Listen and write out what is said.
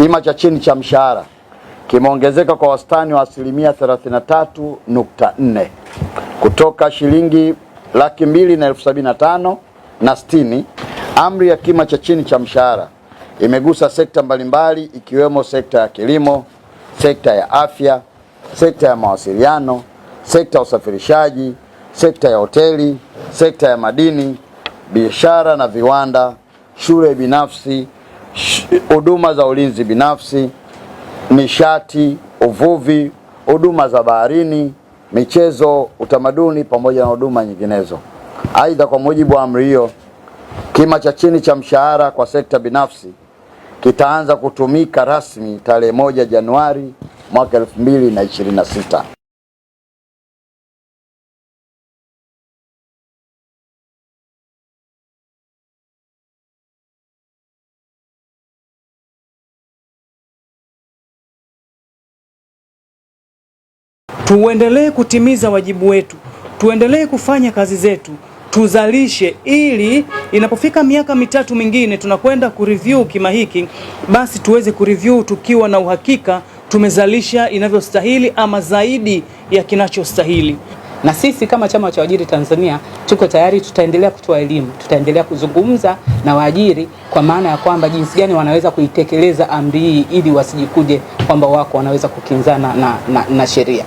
Kima cha chini cha mshahara kimeongezeka kwa wastani wa asilimia 33.4 kutoka shilingi laki mbili na elfu sabini na tano na sitini. Amri ya kima cha chini cha mshahara imegusa sekta mbalimbali ikiwemo sekta ya kilimo, sekta ya afya, sekta ya mawasiliano, sekta ya usafirishaji, sekta ya hoteli, sekta ya madini, biashara na viwanda, shule binafsi huduma za ulinzi binafsi, nishati, uvuvi, huduma za baharini, michezo, utamaduni pamoja na huduma nyinginezo. Aidha, kwa mujibu wa amri hiyo, kima cha chini cha mshahara kwa sekta binafsi kitaanza kutumika rasmi tarehe moja Januari mwaka 2026. Tuendelee kutimiza wajibu wetu, tuendelee kufanya kazi zetu, tuzalishe, ili inapofika miaka mitatu mingine tunakwenda kureview kima hiki, basi tuweze kureview tukiwa na uhakika tumezalisha inavyostahili ama zaidi ya kinachostahili. Na sisi kama chama cha waajiri Tanzania tuko tayari, tutaendelea kutoa elimu, tutaendelea kuzungumza na waajiri kwa maana ya kwamba jinsi gani wanaweza kuitekeleza amri hii ili wasijikuje kwamba wako wanaweza kukinzana na, na, na sheria.